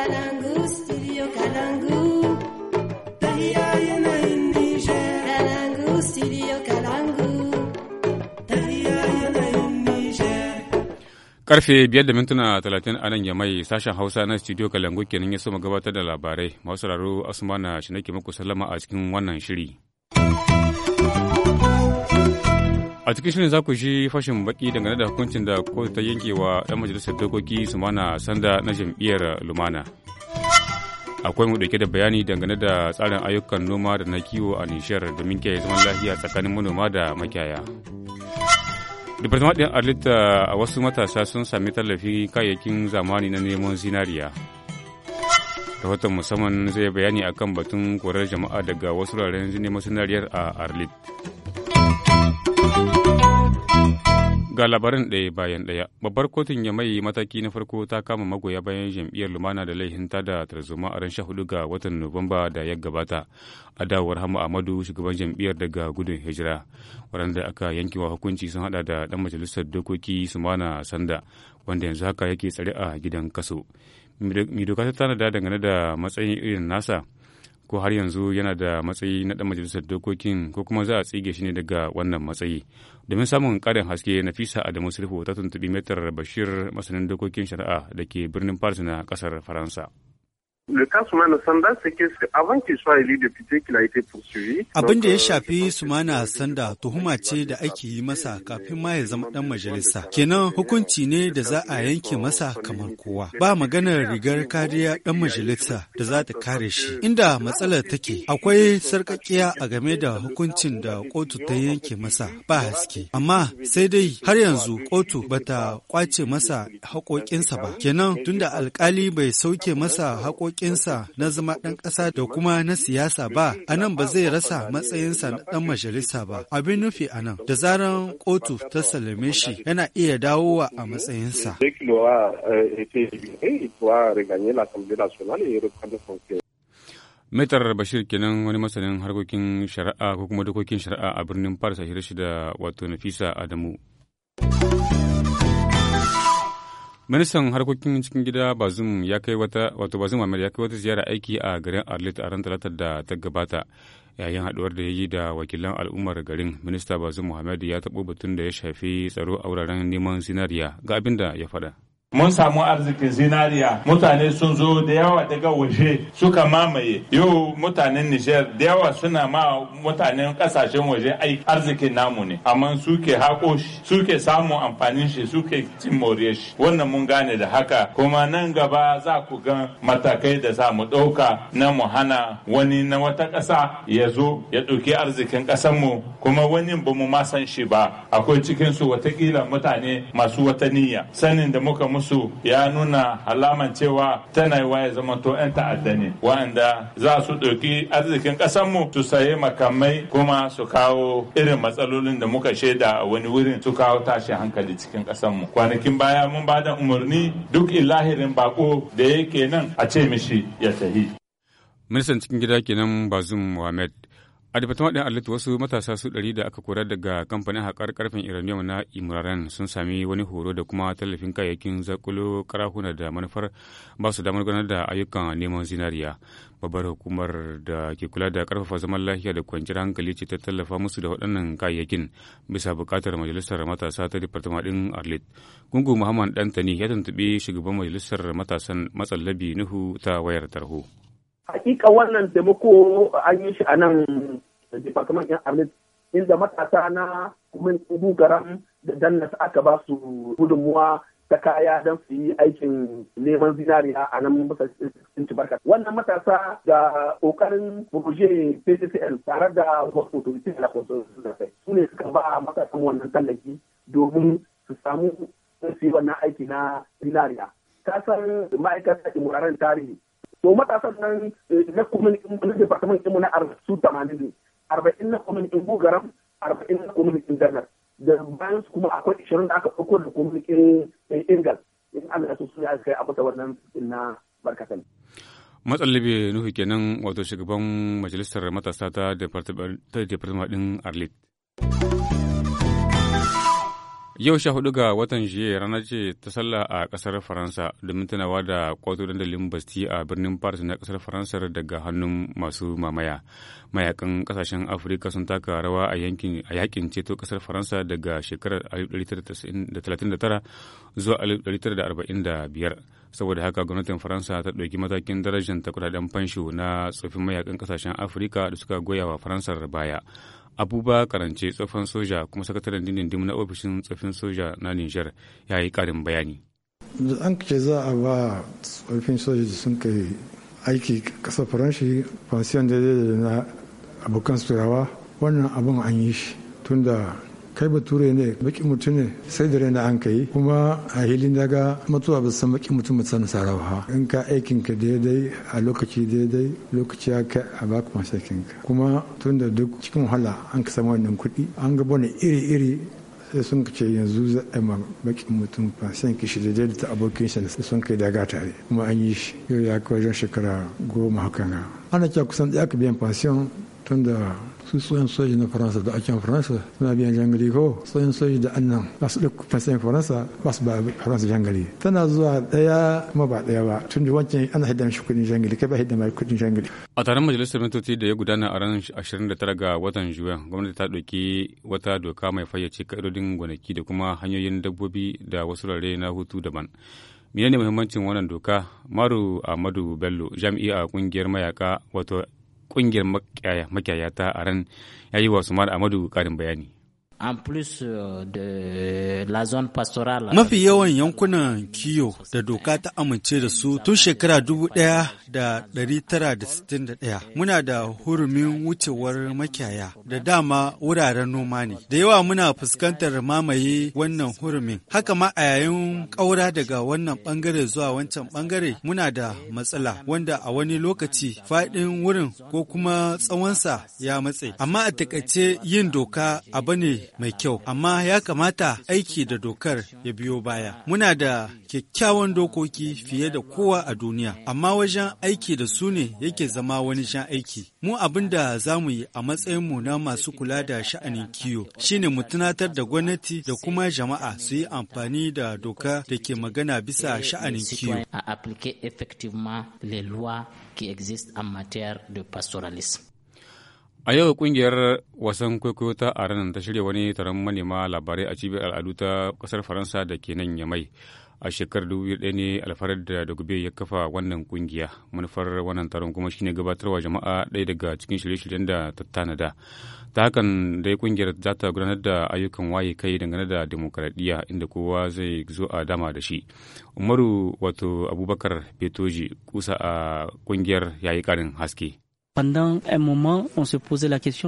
Kalangu, studio Kalangu. Karfe biyar da mintuna talatin a nan mai sashen Hausa na studio Kalangu kenan ya soma gabatar da labarai. Masu sauraro Asmana shi nake muku sallama a cikin wannan shiri. a cikin shirin za ku shi fashin baki dangane da hukuncin da kotu ta yanke wa ɗan majalisar dokoki sumana sanda na jam'iyyar lumana akwai mu dauke da bayani dangane da tsarin ayyukan noma da na kiwo a nishiyar domin kiyaye zaman lafiya tsakanin manoma da makiyaya departament ɗin arlita a wasu matasa sun sami tallafi kayayyakin zamani na neman zinariya rahoton musamman zai bayani akan batun korar jama'a daga wasu wuraren neman zinariyar a arlit Ga labarin ɗaya bayan ɗaya, babbar kotun ya mai mataki na farko ta kama magoya bayan jam'iyyar lumana da laifin tada tarzoma a ran hudu ga watan Nuwamba da ya gabata. A dawowar Hama Ahmadu shugaban jam'iyyar daga gudun hijira. Waɗanda aka wa hukunci sun haɗa da ɗan majalisar dokoki Sumana Sanda, wanda yanzu haka yake tsare a gidan kaso. Mai doka ta tanada dangane da matsayin irin nasa? ko har yanzu yana da matsayi na ɗan majalisar dokokin ko kuma za a tsige shi ne daga wannan matsayi domin samun ƙarin haske nafisa adamu sulhu ta tuntuɓi metar bashir masanin dokokin shari'a da ke birnin paris na ƙasar faransa le cas Soumana Sanda, c'est que avant qu'il soit élu député, qu'il a été poursuivi. Abin da ya euh, shafi Soumana Sanda tuhuma ce da ake yi masa kafin ma ya zama dan majalisa. Kenan hukunci ne da za a yanke masa kamar kowa. Ba maganar rigar kariya dan majalisa da za ta kare shi. Inda matsalar take, akwai sarkakiya a game da hukuncin da kotu ta yanke masa ba haske. Amma sai dai har yanzu kotu bata kwace masa haƙoƙinsa ba. Kenan tunda alkali bai sauke masa haƙoƙin haƙƙinsa na zama ɗan ƙasa da kuma na siyasa ba, a nan ba zai rasa matsayinsa na ɗan majalisa ba. Abin nufi a nan, da zaran kotu ta salame shi yana iya dawowa a matsayinsa. Euh, Mitar Bashir kenan wani masanin harkokin shari'a ko kuma dokokin shari'a a birnin Paris a shirye da wato Nafisa Adamu. Ministan harkokin cikin gida Bazum ya kai wata wato Bazum ya kai wata ziyara aiki a garin Arlit a ran talatar da ta gabata. Yayin haduwar da ya yi da wakilan al'ummar garin, Minista Bazum Muhammad ya taɓo batun da ya shafi tsaro a wuraren neman zinariya ga abin da ya faɗa. mun samu arzikin zinariya mutane sun zo da yawa daga waje suka mamaye yau mutanen Nijar da yawa suna ma mutanen kasashen waje ai arzikin namu ne amma suke haƙo shi suke samun amfanin shi suke cin more shi wannan mun gane da haka kuma nan gaba za ku ga matakai da za mu ɗauka na mu hana wani na wata ƙasa ya zo ya ɗauki arzikin ƙasar mu kuma wani ba mu ma san shi ba akwai cikinsu watakila mutane masu wata niyya sanin da muka musu musu ya nuna alaman cewa tana yi waye zama to 'yan ta'adda ne wa'anda za su ɗauki arzikin mu su saye makamai kuma su kawo irin matsalolin da muka shaida a wani wurin su kawo tashi hankali cikin ƙasarmu kwanakin baya mun ba da umarni duk ilahirin bako da yake nan a ce mishi ya tahi ministan cikin gida kenan bazum muhammad a departement ɗin arlit wasu matasa su ɗari da aka kora daga kamfanin haƙar ƙarfin uranium na imuraren sun sami wani horo da kuma tallafin kayayyakin zakulo karahuna da manufar ba su damar gudanar da ayyukan neman zinariya babbar hukumar da ke kula da ƙarfafa zaman lafiya da kwanciyar hankali ce ta tallafa musu da waɗannan kayayyakin bisa buƙatar majalisar matasa ta departement ɗin arlit gungu muhammad dantani ya tuntuɓi shugaban majalisar matasan matsalabi nuhu ta wayar tarho. hakika wannan taimako an yi shi a nan department yan arnit inda matasa na kumin bugaran da dannas aka ba su gudunmuwa ta kaya don su yi aikin neman zinariya a nan bisa barka wannan matasa da kokarin buruje pccl tare da wasu otoriti da kwaso su ne suka ba matasan wannan tallafi domin su samu su yi wannan aiki na zinariya kasar ma'aikatar imuraren tarihi to matasan nan eh, na kwamitin na departament ɗinmu na su tamanin ne arba'in na kwamitin bugaram arba'in na kwamitin danar da bayan su kuma akwai ishirin da aka ɗauko da kwamitin eh, ingal in allah su suna kai abu da wannan na barkatan. matsalabe nufi kenan wato shugaban majalisar matasa ta departament ɗin arlit. Yau sha hudu ga watan Juye rana ce ta sallah a kasar Faransa domin tunawa da kwato dandalin Basti a birnin Paris na kasar Faransa daga hannun masu mamaya. Mayakan kasashen Afirka sun taka rawa a yankin a yakin ceto kasar Faransa daga shekarar 1939 zuwa 1945. Saboda haka gwamnatin Faransa ta ɗauki matakin darajar ta kudaden fansho na tsofin mayakan kasashen Afirka da suka goya wa Faransar baya. abuba karance tsofan soja kuma sakataren dindindim na ofishin tsofin soja na niger ya yi karin bayani da an ce za a ba tsofin soja da sun kai aiki kasa faranshi fansiyan daidai da na abokan turawa wannan abin an yi shi tunda kai bature ne baki mutum ne sai da raina an kai kuma a hilin daga matuwa ba san baki mutum ba san sarawa in ka aikin ka daidai a lokaci daidai lokaci ya kai a baka masakin ka kuma tun da duk cikin wahala an ka samu wannan kuɗi an ga bane iri-iri sai sun ce yanzu za a ma baki mutum ba sai kishi da ta abokin shi sai sun kai daga tare kuma an yi shi yau ya kai wajen shekara goma hakan ana cewa kusan da aka biyan fasiyon tun da su soji na faransa da ake faransa suna biyan jangali ko tsohon soji da annan ba su duk fasayin faransa ba su ba faransa jangali tana zuwa daya kuma ba daya ba tun da wancan ana hidda shi kudin jangali kai ba hidda mai kudin jangali. a taron majalisar mintoci da ya gudana a ranar tara ga watan juyan gwamnati ta ɗauki wata doka mai fayyace ka'idodin gonaki da kuma hanyoyin dabbobi da wasu rare na hutu daban. menene muhimmancin wannan doka maru ahmadu bello jami'i a kungiyar mayaka wato kungiyar makiyaya ta a ran ya yi wa Sumar Amadu ƙarin bayani. en plus euh, Mafi yawan yankunan kiyo da doka ta amince da su tun shekara 1961 muna da hurumin wucewar makiyaya da dama wuraren noma ne. Da yawa muna fuskantar mamaye wannan hurumin. Haka ma a yayin ƙaura daga wannan bangare zuwa wancan bangare muna da matsala wanda a wani lokaci faɗin wurin ko kuma tsawonsa ya matse. Amma a takaice yin doka abu ne mai kyau, amma ya kamata aiki da dokar ya biyo baya. Muna da kyakkyawan dokoki fiye da kowa a duniya, amma wajen aiki da su ne yake zama wani jan aiki. Mu abin da za mu yi a matsayin mu na masu kula da sha'anin kiyo shine mu tunatar da gwamnati da kuma jama'a su yi amfani da doka da ke magana bisa sha'anin kiyo. a applique effectivement les lois qui existent en matière de pastoralisme. A yau kungiyar wasan kwaikwayo ta ranar ta shirya wani taron manema labarai a cibiyar al'adu ta kasar Faransa da ke nan Yamai. A shekarar ɗaya ne alfarar da Dugube ya kafa wannan kungiya. Manufar wannan taron kuma shine gabatarwa jama'a ɗaya daga cikin shirye-shiryen da ta tanada. Ta hakan dai kungiyar za ta gudanar da ayyukan waye kai dangane da demokaradiyya inda kowa zai zo a dama da shi. Umaru wato Abubakar Fetoji kusa a kungiyar yayi ƙarin haske.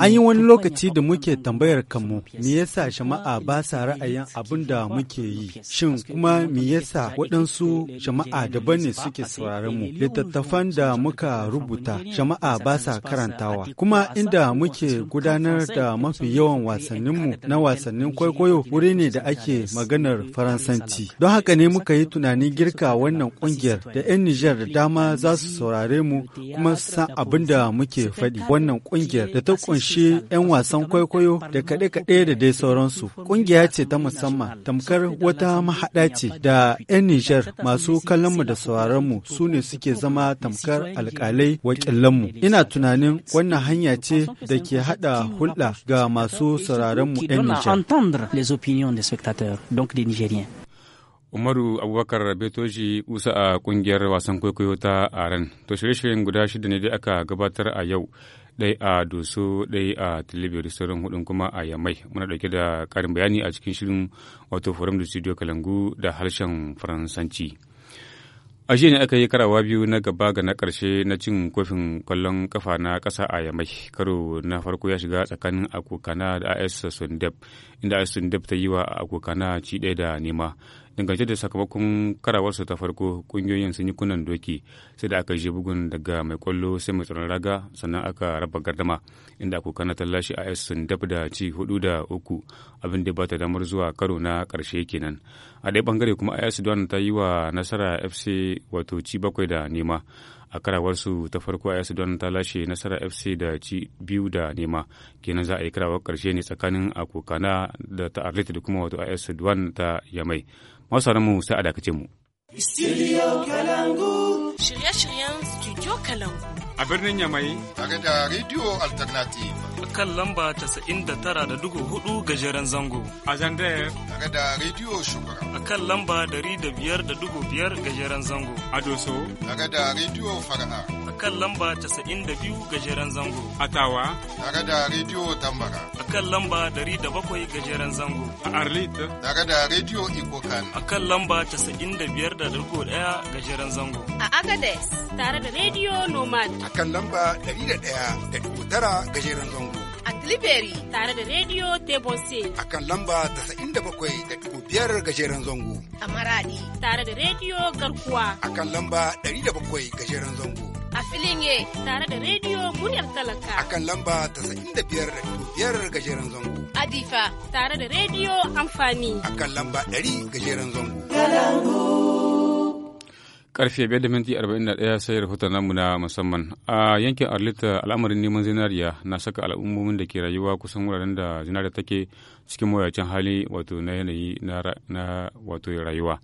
An yi wani lokaci da muke tambayar kanmu, me yasa jama'a ba sa ra'ayin abin da muke yi? Shin kuma me yasa waɗansu shama'a daban ne suke sauraron mu? Littattafan da muka rubuta, shama'a ba sa karantawa. Kuma inda muke gudanar da mafi yawan wasanninmu na wasannin kwaikwayo wuri ne da ake maganar Faransanci. Don haka ne muka yi tunanin girka wannan ƙungiyar da 'yan Nijar da dama za su saurare mu kuma san abin da muke faɗi wannan ƙungiyar da ta ƙunshi 'yan wasan kwaikwayo da kaɗe-kaɗe da dai sauransu. Ƙungiya ce ta musamman tamkar wata mahaɗa ce da 'yan Nijar masu kallonmu da sauraronmu su ne suke zama tamkar alƙalai wakilanmu. Ina tunanin wannan hanya ce da ke haɗa hulɗa ga masu sauraronmu 'yan Nijar. Umaru Abubakar Betoji kusa a kungiyar wasan kwaikwayo ta Aran. To shirye-shiryen guda shida ne dai aka gabatar a yau. Ɗai a Doso, ɗai a Tilibiri, sauran hudun kuma a Yamai. Muna ɗauke da ƙarin bayani a cikin shirin wato Forum da Studio Kalangu da harshen Faransanci. A shi ne aka yi karawa biyu na gaba ga na karshe na cin kofin kwallon kafa na ƙasa a Yamai. Karo na farko ya shiga tsakanin Akokana da AS Sundep, inda AS Sundep ta yi wa Akokana ci ɗaya da nema. dangance da sakamakon karawarsu ta farko kungiyoyin sun yi kunan doki sai da aka je bugun daga mai kwallo sai mai tsaron raga sannan aka raba gardama inda na tallashi as sun dab da ci hudu da uku abin da ba ta damar zuwa karo na karshe kenan a ɗaya bangare kuma as duwan ta yi wa nasara fc wato ci bakwai da nema a karawarsu ta farko a don ta lashe nasara fc da ci biyu da nema kenan za a yi karawar karshe ne tsakanin akokana da ta arlita da kuma wato as duwan ta yamai masu mu sai a dakace mu. Studio Kalangu. Shirye-shiryen Studio Kalangu. A birnin Yamai. Tare da Radio Alternative. a kan lamba 99.4 gajeren zango. A Zandaya. Daga da Radio Shugura. A kan lamba 105.5 gajeren zango. A Doso. Daga da Radio Fara'a. kan lamba 92 gajeren zango. a tawa. Daga da Radio Tambara. A kan lamba 107 gajeren zango. A Arlita. Daga da Radio Ikokan. A kan lamba 95.1 gajeren zango. A Agades. Tare da Radio Nomad. A kan lamba 101.9 gajeren zango. a Tilibiri tare da Radio Tebose. A kan lamba da da bakwai biyar gajeren zango. A Maradi tare da Radio Garkuwa. A kan lamba dari da bakwai gajeren zango. A Filinge tare da Radio Muryar Talaka. A kan lamba da da biyar biyar gajeren zango. A Difa tare da Radio Amfani. A kan lamba dari gajeren zango. Galangu. karfe biyar da minti arba'in da sai rahoton namu na musamman a yankin arlita al'amarin neman zinariya na saka al'ummomin da ke rayuwa kusan wuraren da zinariya take cikin mawuyacin hali wato na yanayi na wato rayuwa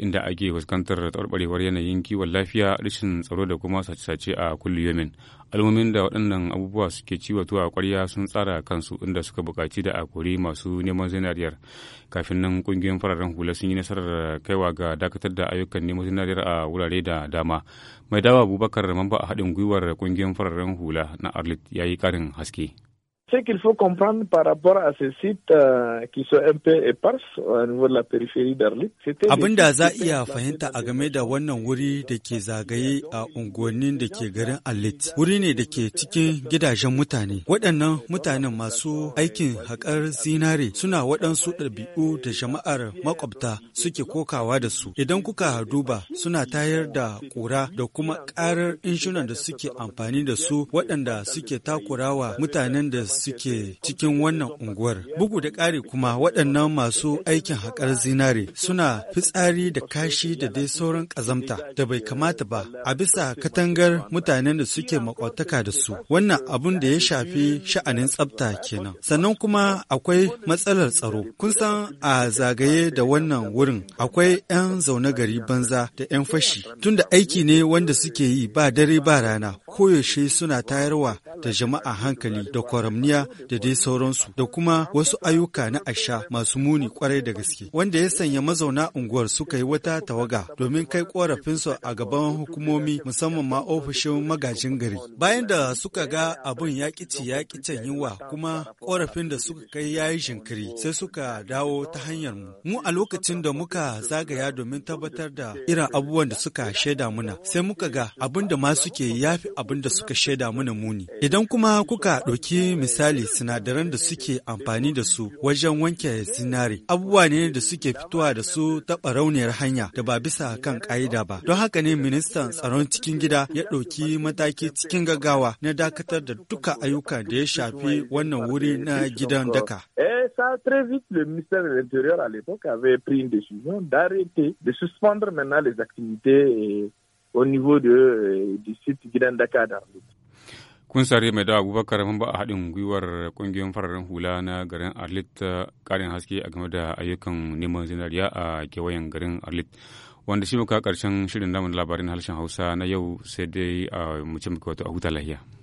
inda ake fuskantar tsarbarewar yanayin kiwon lafiya rashin tsaro da kuma sace-sace a kulliyomin almomin da waɗannan abubuwa suke wato a ƙwarya sun tsara kansu inda suka buƙaci da a masu neman zinariyar kafin nan ƙungiyoyin fararen hula sun yi nasarar kaiwa ga dakatar da ayyukan neman zinariyar a wurare da dama mai dawa abubakar mamba a haɗin gwiwar ƙungiyoyin fararen hula na arlit ya yi ƙarin haske Ce qu'il faut comprendre par rapport a ces sites euh, qui sont un peu épars au niveau de la périphérie d'Arlit, c'était Abin za iya fahimta a game da wannan wuri da ke zagaye a unguwannin da ke garin Arlit. Wuri ne da ke cikin gidajen mutane. Waɗannan mutanen masu aikin haƙar zinare suna waɗansu ɗabi'u da jama'ar makwabta suke kokawa da su. Idan kuka duba suna tayar da ƙura da kuma ƙarar inshunan da suke amfani da su waɗanda suke takurawa mutanen da suke cikin wannan unguwar. Bugu da ƙari kuma waɗannan masu aikin haƙar zinare suna fitsari da kashi da dai sauran ƙazamta da bai kamata ba a bisa katangar mutanen da suke makwataka da su. Wannan abun da ya shafi sha'anin tsabta kenan. Sannan kuma akwai matsalar tsaro. Kun san a zagaye da wannan wurin akwai 'yan zaune gari banza da 'yan fashi. Tunda aiki ne wanda suke yi ba dare ba rana koyaushe suna tayarwa da jama'a hankali da kwaramni hayaniya da dai sauransu da kuma wasu ayyuka na asha masu muni kwarai da gaske wanda ya sanya mazauna unguwar suka yi wata tawaga domin kai korafinsu a gaban hukumomi musamman ma ofishin magajin gari bayan da suka ga abun ya kici ya kicen yiwa kuma korafin da suka kai ya yi shinkiri sai suka dawo ta hanyar mu mu a lokacin da muka zagaya domin tabbatar da irin abubuwan da suka shaida muna sai muka ga abin da ma suke yafi abin da suka shaida muna muni idan kuma kuka ɗauki misali misali sinadaran da suke amfani da su wajen wanke zinare abubuwa ne da suke fitowa da su ta barauniyar hanya da ba bisa kan ka'ida ba don haka ne ministan tsaron cikin gida ya ɗauki mataki cikin gaggawa na dakatar da duka ayyuka da ya shafi wannan wuri na gidan daka. Eh, ça, très vite, le ministère de l'Intérieur à l'époque avait pris une décision d'arrêter, de suspendre maintenant les activités eh, au niveau de, eh, du site Guilain-Dakar d'Arlit. kun sare mai da abubakar ba a haɗin gwiwar ƙungiyoyin fararen hula na garin arlit ƙarin haske a game da ayyukan neman zinariya a kewayen garin arlit wanda shi muka ƙarshen shirin namun labarin harshen hausa na yau sai dai a ah, mu ce a huta lahiya.